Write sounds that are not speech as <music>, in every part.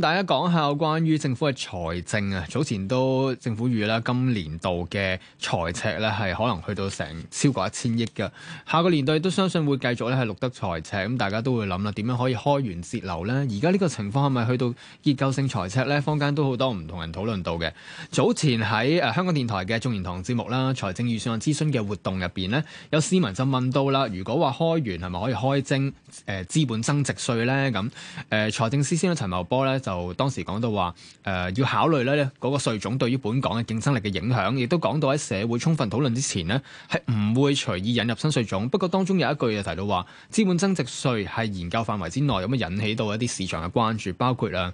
大家講下關於政府嘅財政啊，早前都政府預啦，今年度嘅財赤咧，係可能去到成超過一千億嘅，下個年代都相信會繼續咧，係錄得財赤，咁大家都會諗啦，點樣可以開源節流呢？而家呢個情況係咪去到結構性財赤呢？坊間都好多唔同人討論到嘅。早前喺誒香港電台嘅眾言堂節目啦，財政預算案諮詢嘅活動入邊呢，有市民就問到啦，如果話開源係咪可以開徵誒資本增值稅呢？」咁、呃、誒財政司司長陳茂波呢。就當時講到話、呃，要考慮咧嗰、嗰個稅種對於本港嘅競爭力嘅影響，亦都講到喺社會充分討論之前呢，係唔會隨意引入新稅種。不過當中有一句就提到話，資本增值稅係研究範圍之內，有乜引起到一啲市場嘅關注，包括啊，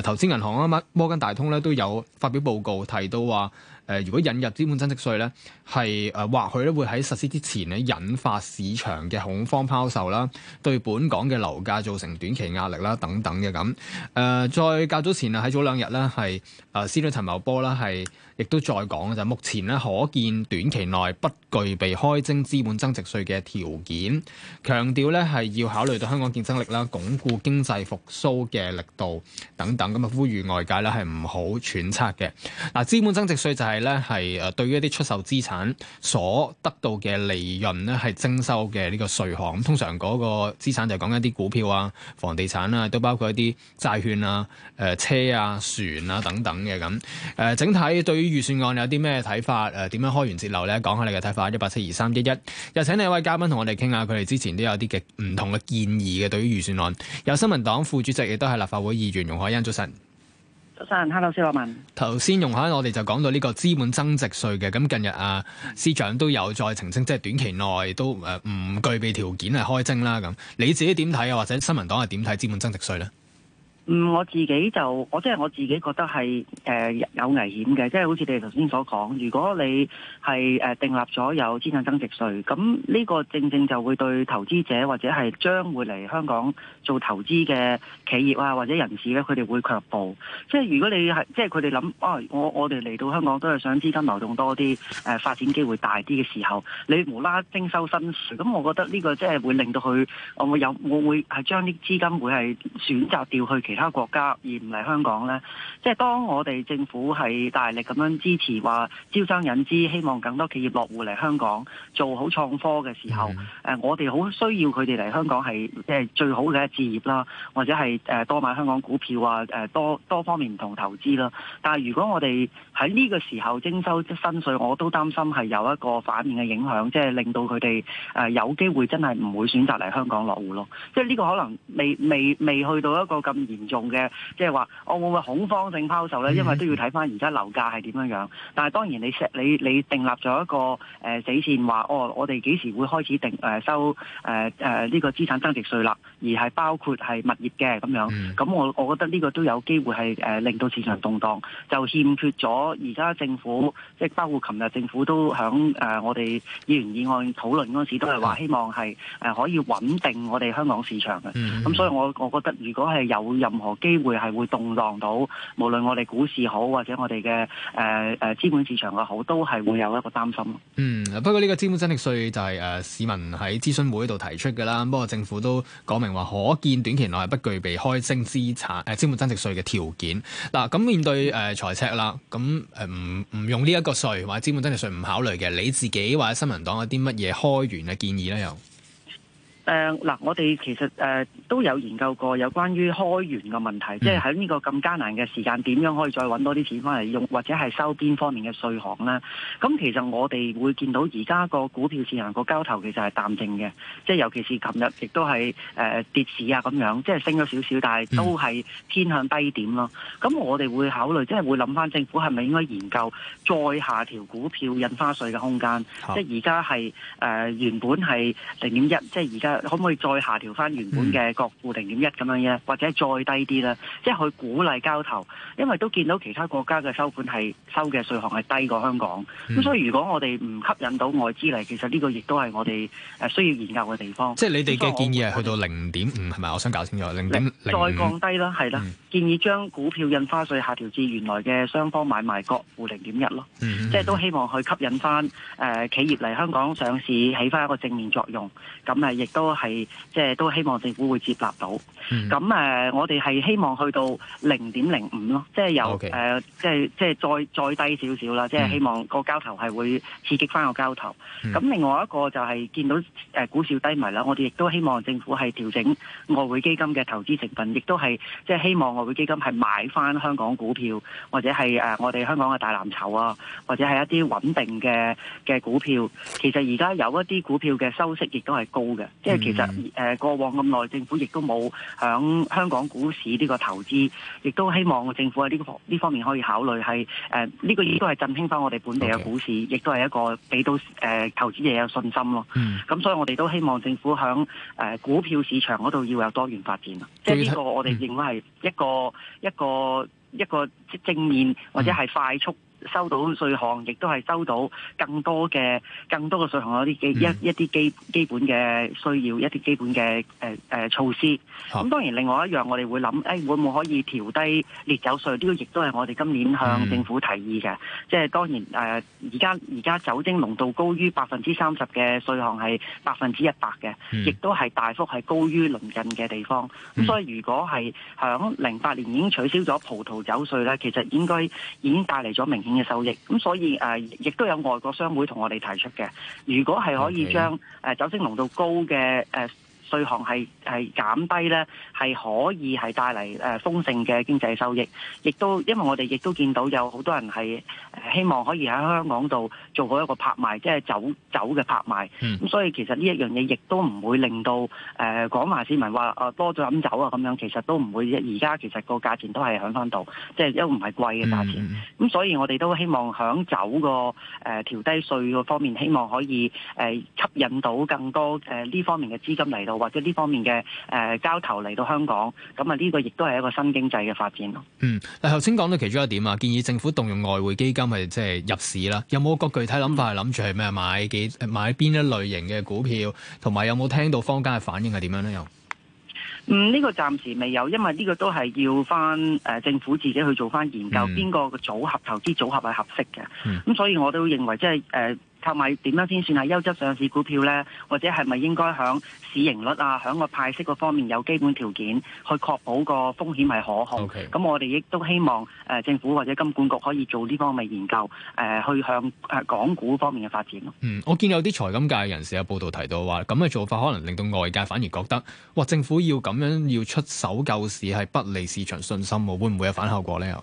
投、呃、資銀行啊乜摩根大通咧都有發表報告提到話。誒、呃，如果引入資本增值稅咧，係誒，或許咧會喺實施之前咧，引發市場嘅恐慌拋售啦，對本港嘅樓價造成短期壓力啦，等等嘅咁。誒、呃，在較早前啊，喺早兩日咧係。啊，司長陳茂波啦，係亦都再講就係，目前咧可見短期內不具備開徵資本增值稅嘅條件，強調咧係要考慮到香港競爭力啦、鞏固經濟復甦嘅力度等等，咁啊，呼籲外界咧係唔好揣測嘅。嗱，資本增值稅就係咧係誒對於一啲出售資產所得到嘅利潤咧係徵收嘅呢個稅項。咁通常嗰個資產就係講緊一啲股票啊、房地產啊，都包括一啲債券啊、誒、呃、車啊、船啊等等。嘅咁，誒，整體對於預算案有啲咩睇法？誒，點樣開源節流咧？講下你嘅睇法。一八七二三一一，又請你一位嘉賓同我哋傾下，佢哋之前都有啲嘅唔同嘅建議嘅，對於預算案。有新民黨副主席亦都係立法會議員容海恩，早晨，早晨，Hello 小羅文。頭先容海，hello, 容海我哋就講到呢個資本增值稅嘅，咁近日啊，司長都有再澄清，即係短期內都誒唔具備條件係開徵啦。咁你自己點睇啊？或者新民黨係點睇資本增值稅咧？嗯，我自己就我即係我自己覺得係誒、呃、有危險嘅，即、就、係、是、好似你頭先所講，如果你係誒訂立咗有資產增值稅，咁呢個正正就會對投資者或者係將會嚟香港做投資嘅企業啊或者人士咧，佢哋會卻步，即係如果你係即係佢哋諗啊，我我哋嚟到香港都係想資金流動多啲，誒、呃、發展機會大啲嘅時候，你無啦徵收新稅，咁我覺得呢個即係會令到佢我有我會係將啲資金會係選擇調去其。其他國家而唔嚟香港咧，即係當我哋政府係大力咁樣支持話招商引資，希望更多企業落戶嚟香港，做好創科嘅時候，誒、呃，我哋好需要佢哋嚟香港係即係最好嘅置業啦，或者係誒多買香港股票啊，誒多多方面唔同投資啦。但係如果我哋喺呢個時候徵收新稅，我都擔心係有一個反面嘅影響，即係令到佢哋誒有機會真係唔會選擇嚟香港落戶咯。即係呢個可能未未未去到一個咁嚴。用、就、嘅、是，即係話，我會唔會恐慌性拋售咧？因為都要睇翻而家樓價係點樣樣。但係當然你，你你你定立咗一個誒、呃、死線，話哦，我哋幾時會開始定誒、呃、收誒誒呢個資產增值稅啦？而係包括係物業嘅咁樣。咁我我覺得呢個都有機會係誒、呃、令到市場動蕩。就欠缺咗而家政府，即係包括琴日政府都響誒、呃、我哋議員議案討論嗰陣時，都係話希望係誒、呃、可以穩定我哋香港市場嘅。咁、嗯嗯、所以我我覺得如果係有任何，任何機會係會動盪到，無論我哋股市好或者我哋嘅誒誒資本市場嘅好，都係會有一個擔心，嗯，不過呢個資本增值稅就係、是、誒、呃、市民喺諮詢會度提出嘅啦。不過政府都講明話，可見短期內不具備開徵資產誒、呃、資本增值稅嘅條件。嗱、啊，咁面對誒、呃、財赤啦，咁誒唔唔用呢一個稅或者資本增值稅唔考慮嘅，你自己或者新民黨有啲乜嘢開源嘅建議咧？又？誒、呃、嗱，我哋其實誒、呃、都有研究過有關於開源嘅問題，即係喺呢個咁艱難嘅時間，點樣可以再揾多啲錢翻嚟用，或者係收邊方面嘅稅項呢？咁其實我哋會見到而家個股票市場個交投其實係淡靜嘅，即係尤其是琴日亦都係誒、呃、跌市啊咁樣，即係升咗少少，但係都係偏向低點咯。咁我哋會考慮，即係會諗翻政府係咪應該研究再下調股票印花稅嘅空間？即係而家係誒原本係零點一，即係而家。可唔可以再下調翻原本嘅國庫零點一咁樣嘢，或者再低啲啦？即係去鼓勵交投，因為都見到其他國家嘅收盤係收嘅稅項係低過香港。咁、嗯、所以如果我哋唔吸引到外資嚟，其實呢個亦都係我哋誒需要研究嘅地方。即係你哋嘅建議係去到零點五係咪？我想搞清楚。零零再降低啦，係啦、嗯，建議將股票印花稅下調至原來嘅雙方買賣國庫零點一咯、嗯。即係都希望去吸引翻、呃、企業嚟香港上市，起翻一個正面作用。咁誒，亦都。都係即係都希望政府會接納到。咁、嗯、誒、呃，我哋係希望去到零點零五咯，即係由誒即係即係再再低少少啦，即、就、係、是，希望個交投係會刺激翻個交投。咁、嗯、另外一個就係、是、見到誒股市低迷啦，我哋亦都希望政府係調整外匯基金嘅投資成分，亦都係即係希望外匯基金係買翻香港股票或者係誒、呃、我哋香港嘅大藍籌啊，或者係一啲穩定嘅嘅股票。其實而家有一啲股票嘅收息亦都係高嘅，即係。嗯、其實誒過往咁耐，政府亦都冇響香港股市呢個投資，亦都希望政府喺呢個呢方面可以考慮係誒呢個亦都係振興翻我哋本地嘅股市，亦都係一個俾到誒、呃、投資者有信心咯。咁、嗯、所以我哋都希望政府響誒、呃、股票市場嗰度要有多元發展，即係呢個我哋認為係一個、嗯、一個一個正面或者係快速。收到稅項，亦都係收到更多嘅更多嘅稅項，有啲基一一啲基基本嘅需要，一啲基本嘅誒誒措施。咁當然另外一樣，我哋會諗誒會唔會可以調低烈酒稅？呢個亦都係我哋今年向政府提議嘅。即係當然誒，而家而家酒精濃度高於百分之三十嘅稅項係百分之一百嘅，亦都係大幅係高於鄰近嘅地方。咁所以如果係響零八年已經取消咗葡萄酒稅咧，其實應該已經帶嚟咗明顯嘅收益，咁所以誒，亦、呃、都有外國商會同我哋提出嘅，如果係可以將誒酒精濃度高嘅誒。呃稅項係係減低咧，係可以係帶嚟誒豐盛嘅經濟收益，亦都因為我哋亦都見到有好多人係、呃、希望可以喺香港度做好一個拍賣，即係酒酒嘅拍賣，咁、嗯嗯、所以其實呢一樣嘢亦都唔會令到誒廣泛市民話誒、呃、多咗飲酒啊咁樣，其實都唔會，而家其實個價錢都係響翻度，即係都唔係貴嘅價錢，咁、嗯嗯、所以我哋都希望響酒個誒調低稅個方面，希望可以誒、呃、吸引到更多誒呢、呃、方面嘅資金嚟到。或者呢方面嘅誒交投嚟到香港，咁啊呢個亦都係一個新經濟嘅發展咯。嗯，嗱，頭先講到其中一點啊，建議政府動用外匯基金係即係入市啦，有冇個具體諗法係諗住係咩買幾、嗯、買邊一類型嘅股票，同埋有冇聽到坊間嘅反應，係點樣呢？又嗯、呢、這個暫時未有，因為呢個都係要翻誒政府自己去做翻研究、嗯，邊個個組合投資組合係合適嘅。咁、嗯、所以我都認為即係誒。呃同埋點樣先算係優質上市股票呢？或者係咪應該響市盈率啊、響個派息嗰方面有基本條件，去確保個風險係可控？咁、okay. 我哋亦都希望誒政府或者金管局可以做呢方面研究，誒、呃、去向港股方面嘅發展咯。嗯，我見有啲財金界人士有報道提到話，咁嘅做法可能令到外界反而覺得，哇！政府要咁樣要出手救市係不利市場信心喎，會唔會有反效果呢？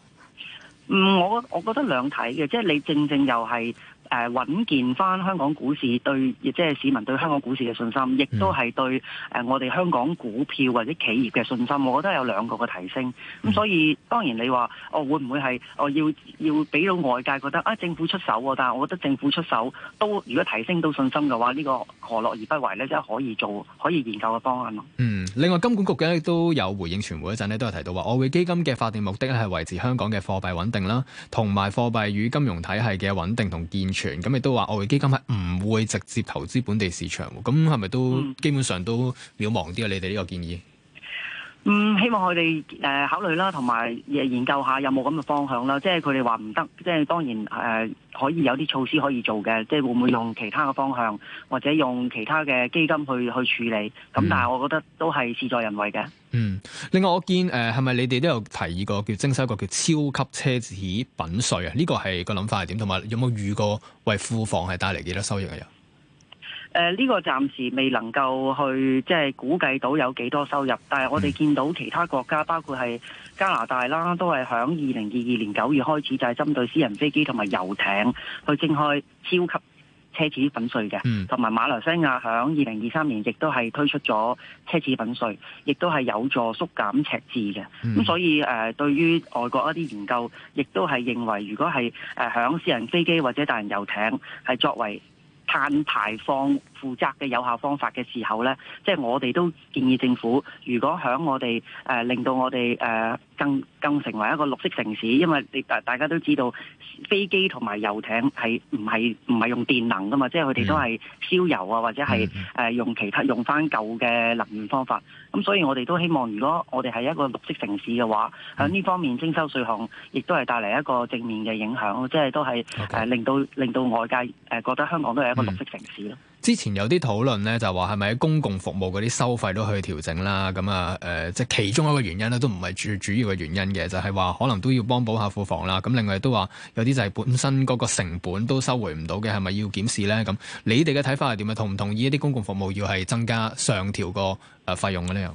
嗯，我我覺得兩睇嘅，即係你正正又係。誒、啊、穩健翻香港股市對亦即係市民對香港股市嘅信心，亦都係對誒我哋香港股票或者企業嘅信心。我覺得有兩個嘅提升。咁所以當然你話我、哦、會唔會係我、哦、要要俾到外界覺得啊政府出手，但係我覺得政府出手都如果提升到信心嘅話，呢、呢個何樂而不為呢？即係可以做可以研究嘅方案咯。嗯，另外金管局嘅亦都有回應傳媒一陣咧，都係提到話，外匯基金嘅法定目的咧係維持香港嘅貨幣穩定啦，同埋貨幣與金融體系嘅穩定同健全。咁亦都話外資基金係唔會直接投資本地市場，咁係咪都、嗯，基本上都渺茫啲啊？你哋呢個建議？嗯，希望佢哋誒考慮啦，同埋研究下有冇咁嘅方向啦。即係佢哋話唔得，即係當然誒、呃、可以有啲措施可以做嘅。即係會唔會用其他嘅方向，或者用其他嘅基金去去處理？咁但係我覺得都係事在人為嘅。嗯，另外我見誒係咪你哋都有提議過叫徵收一個叫超級奢侈品稅啊？呢個係個諗法係點？同埋有冇預過為庫房係帶嚟幾多收益啊？誒、呃、呢、這個暫時未能夠去即係估計到有幾多收入，但係我哋見到其他國家，包括係加拿大啦，都係響二零二二年九月開始就係針對私人飛機同埋遊艇去徵開超級奢侈品稅嘅，同、嗯、埋馬來西亞響二零二三年亦都係推出咗奢侈品稅，亦都係有助縮減赤字嘅。咁、嗯、所以誒、呃，對於外國一啲研究，亦都係認為，如果係誒響私人飛機或者大型遊艇係作為碳排放。負責嘅有效方法嘅時候呢，即係我哋都建議政府，如果響我哋誒、呃、令到我哋誒、呃、更更成為一個綠色城市，因為你大大家都知道飛機同埋遊艇係唔係唔係用電能㗎嘛，即係佢哋都係燒油啊，或者係誒用其他用返舊嘅能源方法。咁、嗯嗯嗯嗯嗯、所以我哋都希望，如果我哋係一個綠色城市嘅話，響呢方面徵收稅項，亦都係帶嚟一個正面嘅影響，即係都係誒、okay. 呃、令到令到外界誒、呃、覺得香港都係一個綠色城市咯。嗯。之前有啲討論咧，就話係咪喺公共服務嗰啲收費都去調整啦？咁啊，即係其中一個原因咧，都唔係最主要嘅原因嘅，就係話可能都要幫補下庫房啦。咁另外都話有啲就係本身嗰個成本都收回唔到嘅，係咪要檢視咧？咁你哋嘅睇法係點啊？同唔同意一啲公共服務要係增加上調個誒費用嘅呢？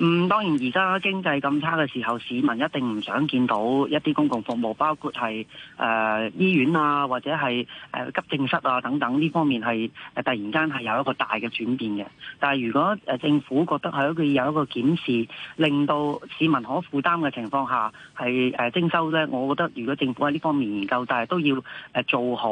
嗯，當然而家經濟咁差嘅時候，市民一定唔想見到一啲公共服務，包括係誒、呃、醫院啊，或者係誒、呃、急症室啊等等呢方面係、呃、突然間係有一個大嘅轉變嘅。但係如果、呃、政府覺得係佢有一個檢視，令到市民可負擔嘅情況下，係誒徵收咧，我覺得如果政府喺呢方面研究，但係都要做好、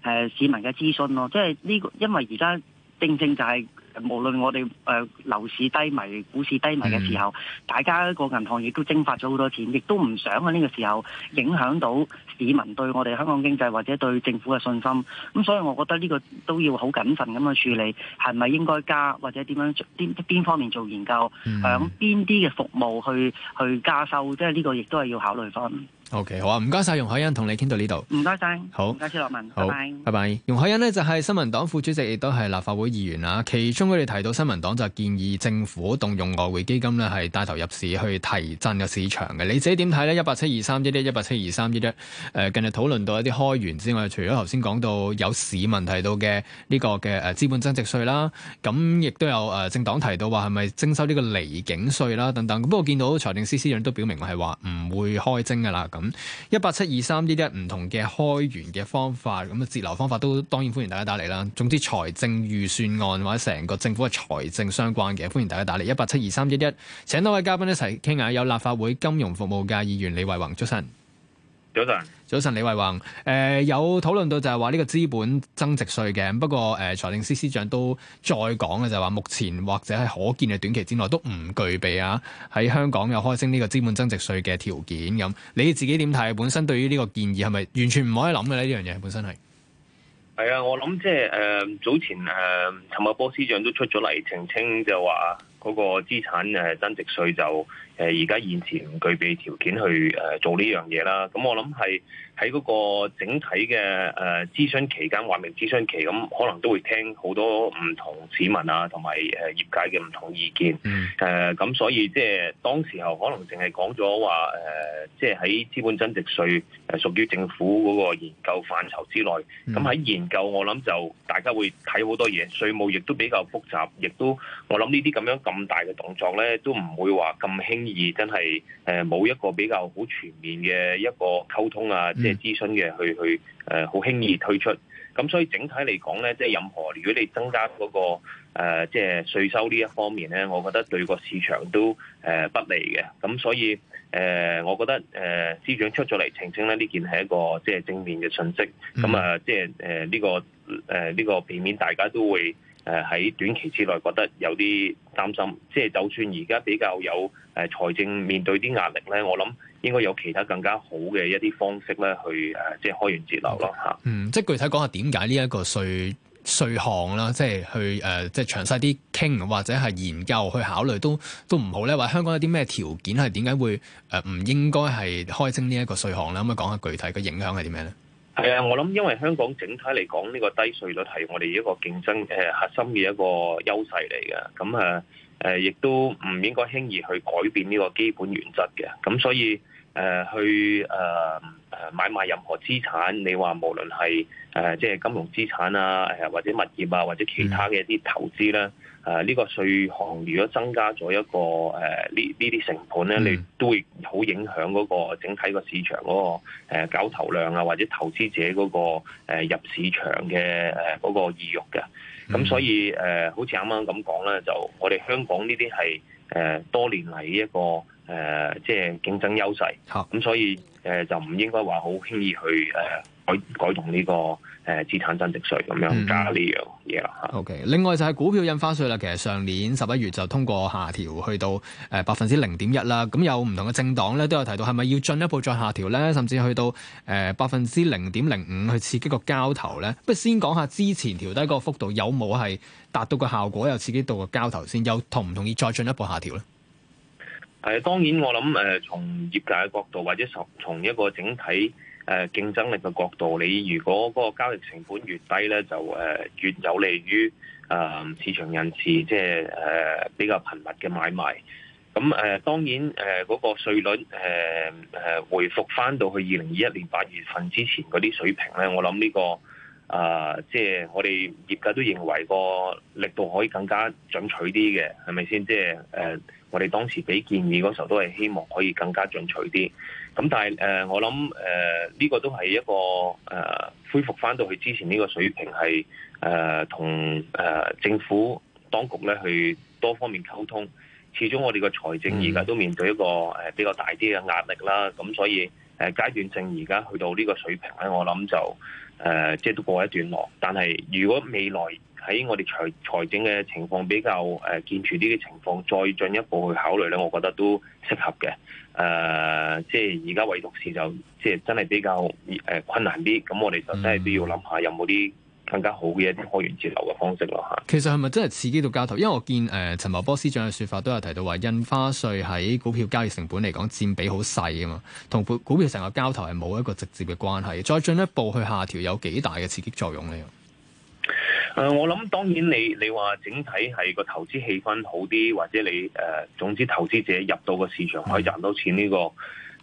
呃、市民嘅諮詢咯。即係呢、呢個因為而家正正就係、是。無論我哋誒樓市低迷、股市低迷嘅時候，大家個銀行亦都蒸發咗好多錢，亦都唔想喺呢個時候影響到市民對我哋香港經濟或者對政府嘅信心。咁所以我覺得呢個都要好謹慎咁去處理，係咪應該加或者點樣邊邊方面做研究，響邊啲嘅服務去去加收，即係呢個亦都係要考慮翻。O.K. 好啊，唔該晒，容海恩同你傾到呢度。唔該晒。好，多謝羅文。好，拜拜。容海恩呢，就係、是、新民黨副主席，亦都係立法會議員啦。其中佢哋提到，新民黨就建議政府動用外匯基金咧，係帶頭入市去提振個市場嘅。你自己點睇咧？一八七二三一一一八七二三一一誒，近日討論到一啲開源之外，除咗頭先講到有市民提到嘅呢個嘅誒資本增值稅啦，咁亦都有誒政黨提到話係咪徵收呢個離境稅啦等等。不過我見到財政司司長都表明係話唔會開徵噶啦。咁一八七二三一一唔同嘅開源嘅方法，咁啊節流方法都當然歡迎大家打嚟啦。總之財政預算案或者成個政府嘅財政相關嘅，歡迎大家打嚟一八七二三一一，請多位嘉賓一齊傾下。有立法會金融服務界議員李惟宏出席。早晨，早晨，李惟宏，誒、呃，有討論到就係話呢個資本增值稅嘅，不過誒，財、呃、政司司長都再講嘅就係話目前或者係可見嘅短期之內都唔具備啊，喺香港有開徵呢個資本增值稅嘅條件咁，你自己點睇？本身對於呢個建議係咪完全唔可以諗嘅呢？呢樣嘢本身係係啊，我諗即係誒，早前誒，陳茂波司長都出咗嚟澄清，就話嗰個資產誒增值稅就。誒，而家現時唔具備條件去誒做呢樣嘢啦。咁我諗係喺嗰個整體嘅誒諮詢期間，話明諮詢期，咁可能都會聽好多唔同市民啊，同埋誒業界嘅唔同意見。誒、mm. 咁、呃，所以即係當時候可能淨係講咗話誒，即係喺資本增值稅係屬於政府嗰個研究範疇之內。咁喺研究，我諗就大家會睇好多嘢，稅務亦都比較複雜，亦都我諗呢啲咁樣咁大嘅動作咧，都唔會話咁輕。而真係誒冇一個比較好全面嘅一個溝通啊，即係諮詢嘅去去誒，好輕易推出。咁所以整體嚟講咧，即係任何如果你增加嗰個誒即係稅收呢一方面咧，我覺得對個市場都誒不利嘅。咁所以誒，我覺得誒司長出咗嚟澄清咧，呢件係一個即係正面嘅信息。咁啊，即係誒呢個誒呢個避免大家都會。誒喺短期之內覺得有啲擔心，即係就算而家比較有誒財政面對啲壓力咧，我諗應該有其他更加好嘅一啲方式咧，去誒即係開源節流咯嚇。嗯，即係具體講下點解呢一個稅稅項啦，即係去誒、呃、即係詳細啲傾或者係研究去考慮都都唔好咧，或者香港有啲咩條件係點解會誒唔、呃、應該係開徵呢一個稅項咧？咁啊講下具體嘅影響係點樣咧？係啊、 <noise> 呃，我諗因為香港整體嚟講呢個低稅率係我哋一個競爭誒、呃、核心嘅一個優勢嚟嘅，咁啊誒亦都唔應該輕易去改變呢個基本原則嘅，咁、嗯、所以誒、呃、去誒誒、呃、買賣任何資產，你話無論係誒、呃、即係金融資產啊，誒或者物業啊，或者其他嘅一啲投資咧。誒、啊、呢、這個稅項如果增加咗一個誒呢呢啲成本咧，你、嗯、都會好影響嗰個整體個市場嗰、那個交、呃、投量啊，或者投資者嗰、那個、呃、入市場嘅誒嗰個意欲嘅。咁所以誒、呃，好似啱啱咁講咧，就我哋香港呢啲係誒多年嚟一個誒、呃、即係競爭優勢，咁、啊嗯、所以誒、呃、就唔應該話好輕易去誒。呃改改動呢個誒資產增值稅咁樣加呢樣嘢啦。O、okay, K，另外就係股票印花稅啦。其實上年十一月就通過下調去到誒百分之零點一啦。咁有唔同嘅政黨咧都有提到，係咪要進一步再下調咧？甚至去到誒百分之零點零五去刺激個交投咧？不如先講下之前調低嗰個幅度有冇係達到個效果，又刺激到個交投先？有同唔同意再進一步下調咧？係、呃、當然我，我、呃、諗從業界嘅角度或者從從一個整體。誒競爭力嘅角度，你如果嗰個交易成本越低咧，就越有利於市場人士，即係誒比較頻密嘅買賣。咁誒當然誒嗰個稅率誒回復翻到去二零二一年八月份之前嗰啲水平咧，我諗呢個啊即係我哋業界都認為個力度可以更加進取啲嘅，係咪先？即係誒。我哋當時俾建議嗰時候都係希望可以更加進取啲，咁但係誒我諗誒呢個都係一個誒恢復翻到去之前呢個水平係誒同誒政府當局咧去多方面溝通，始終我哋個財政而家都面對一個誒比較大啲嘅壓力啦，咁所以誒階段性而家去到呢個水平咧，我諗就誒即係都過一段落，但係如果未來，喺我哋財財政嘅情況比較誒健全啲嘅情況，再進一步去考慮咧，我覺得都適合嘅。誒、呃，即係而家唯獨是就即係真係比較誒、呃、困難啲，咁我哋就真係都要諗下有冇啲更加好嘅一啲開源節流嘅方式咯嚇、嗯。其實係咪真係刺激到交投？因為我見誒陳茂波司長嘅説法都有提到話印花稅喺股票交易成本嚟講佔比好細啊嘛，同股票成個交投係冇一個直接嘅關係。再進一步去下調，有幾大嘅刺激作用呢？誒、呃，我諗當然你你話整體係個投資氣氛好啲，或者你誒、呃，總之投資者入到個市場可以賺到錢呢、這個誒，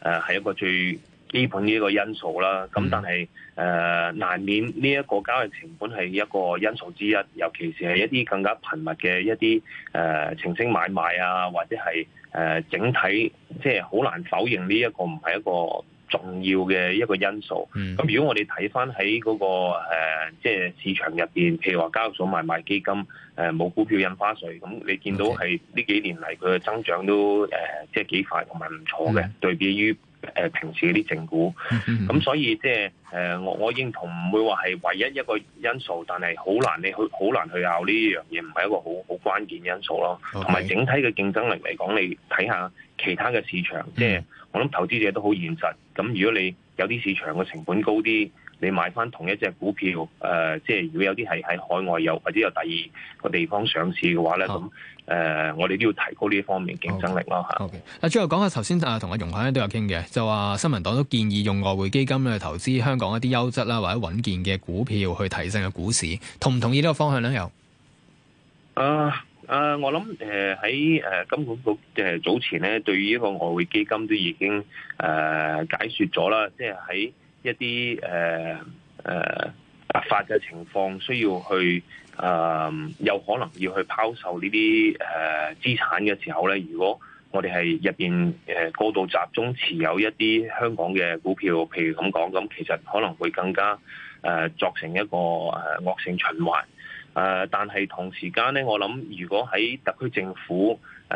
係、呃、一個最基本呢一個因素啦。咁但係誒、呃，難免呢一個交易成本係一個因素之一，尤其是係一啲更加頻密嘅一啲誒，澄清買賣啊，或者係誒、呃，整體即係好難否認呢一個唔係一個。重要嘅一個因素。咁如果我哋睇翻喺嗰個、呃、即係市場入邊，譬如話交易所買賣基金，誒、呃、冇股票印花稅，咁你見到係呢幾年嚟佢嘅增長都誒、呃，即係幾快同埋唔錯嘅、嗯，對比於誒、呃、平時嗰啲正股。咁、嗯、所以即係誒，我我認同唔會話係唯一一個因素，但係好難你去好難去拗呢樣嘢，唔係一個好好關鍵因素咯。同、okay. 埋整體嘅競爭力嚟講，你睇下其他嘅市場即係。嗯我諗投資者都好現實，咁如果你有啲市場嘅成本高啲，你買翻同一隻股票，誒、呃，即係如果有啲係喺海外有或者有第二個地方上市嘅話咧，咁、啊、誒、呃，我哋都要提高呢方面競爭力啦吓。嗱、啊 okay. 啊，最後講下，頭先啊同阿容海都有傾嘅，就話新民黨都建議用外匯基金去投資香港一啲優質啦或者穩健嘅股票去提升嘅股市，同唔同意呢個方向咧？又啊。啊、uh，我諗誒喺誒金管局即早前咧，對於一個外匯基金都已經誒、呃、解說咗啦，即係喺一啲誒誒突發嘅情況，需要去誒、呃、有可能要去拋售呢啲誒資產嘅時候咧，如果我哋係入邊誒、呃、過度集中持有一啲香港嘅股票，譬如咁講，咁其實可能會更加誒作、呃、成一個誒惡、呃、性循環。誒、呃，但係同時間咧，我諗如果喺特區政府誒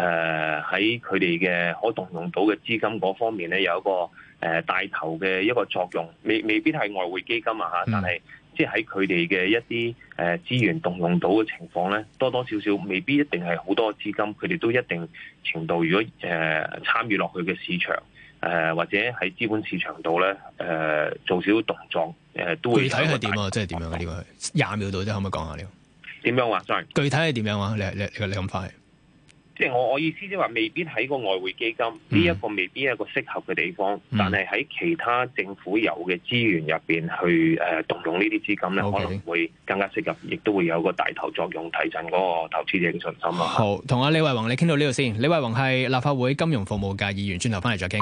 喺佢哋嘅可動用到嘅資金嗰方面咧，有一個誒帶、呃、頭嘅一個作用，未未必係外匯基金啊吓，但係即係喺佢哋嘅一啲誒資源動用到嘅情況咧，多多少少未必一定係好多資金，佢哋都一定程度如果誒參與落去嘅市場誒、呃，或者喺資本市場度咧誒做少少動作誒、呃、都會。具體係點啊？即係點樣啊？呢、係這個廿秒度，即係可唔可以講下呢、這個？點樣話？sorry，具體係點樣話？你你你咁快，即係我我意思即係話，未必喺個外匯基金呢一，嗯這個未必係一個適合嘅地方，嗯、但係喺其他政府有嘅資源入邊去誒，動用呢啲資金咧，可能會更加適合，okay. 亦都會有個帶頭作用，提振嗰個投資者嘅信心。好，同阿李惟宏你傾到呢度先。李惟宏係立法會金融服務界議員，轉頭翻嚟再傾。